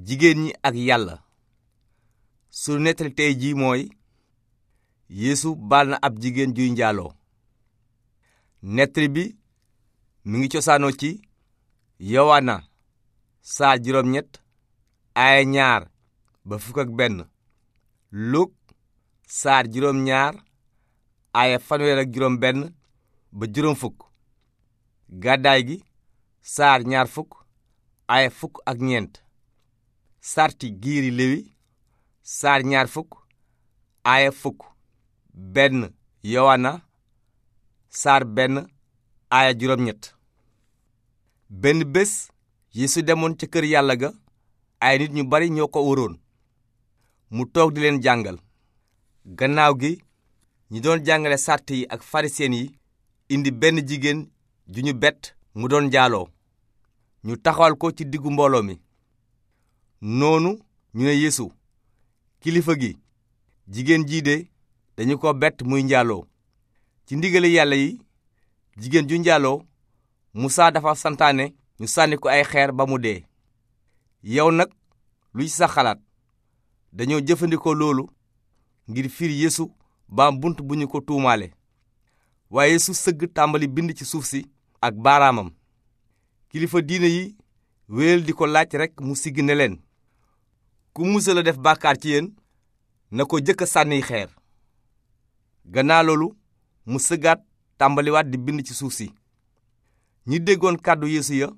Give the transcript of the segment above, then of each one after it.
jigéen ñi ak yàlla sunu nettali tey ji mooy yéesu baal na ab jigéen juy njaaloo nettali bi mu ngi cosaanoo ci yowaana saa juróom ñett aaya ñaar ba fukk ak benn luk saar juróom ñaar aaya fanweer ak juróom benn ba juróom fukk gàddaay gi saar ñaar fukk aaya fukk ak ñeent sarti giiri lewi saar ñaar benn yowana saar benn benn bés yeesu demoon ca kër yàlla ga ay nit ñu bari ñoo ko wëroon mu toog di leen jàngal gannaaw gi ñi doon jàngale sàrt yi ak farisiyen yi indi benn jigéen ju ñu bett mu doon jaaloo ñu taxawal ko ci diggu mbooloo mi noonu ñu ne yeesu kilifa gi jigéen jii de dañu ko bett muy njaaloo ci ndigali yàlla yi jigéen ju njaaloo musaa dafa santaane ñu sànni ko ay xeer ba mu dee yow nag lu ci sa xalaat dañoo jëfandikoo loolu ngir fiir yeesu baam bunt bu ñu ko tuumaale waaye yeesu sëgg tàmbali bind ci suuf si ak baaraamam kilifa diine yi wéyal di ko laaj rekk mu sigg ne leen ku musal a def bàkkaar ci yéen na ko jëkk a sànniy xeer gannaaw loolu mu sëggaat tàmbaliwaat di bind ci suuf si ñi déggoon kàddu yeesu ya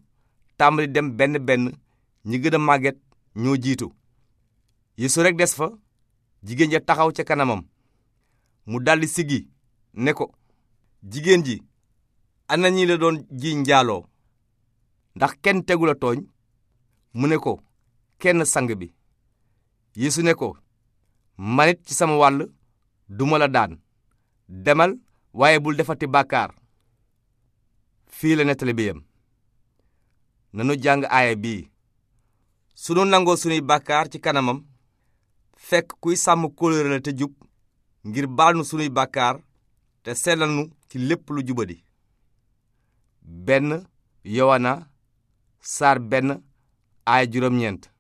tàmbali dem benn benn ñi gën a màgget ñoo jiitu yeesu rekk des fa jigéen ja taxaw ca kanamam mu daldi siggi ne ko jigéen ji ana ñi la doon ji njaaloo ndax kenn tegu la tooñ mu ne ko kenn sang bi Yeesu ne ko manit ci sama wàll duma la daan demal waaye bul defati bàkkaar fii la nettali bi yem nanu jàng aaya bii sunu nangoo sunuy bàkkaar ci kanamam fekk kuy sàmm kóllëre la te jub ngir baal nu sunuy bàkkaar te sellal ci lépp lu jubadi benn yowana saar benn aaya juróom-ñeent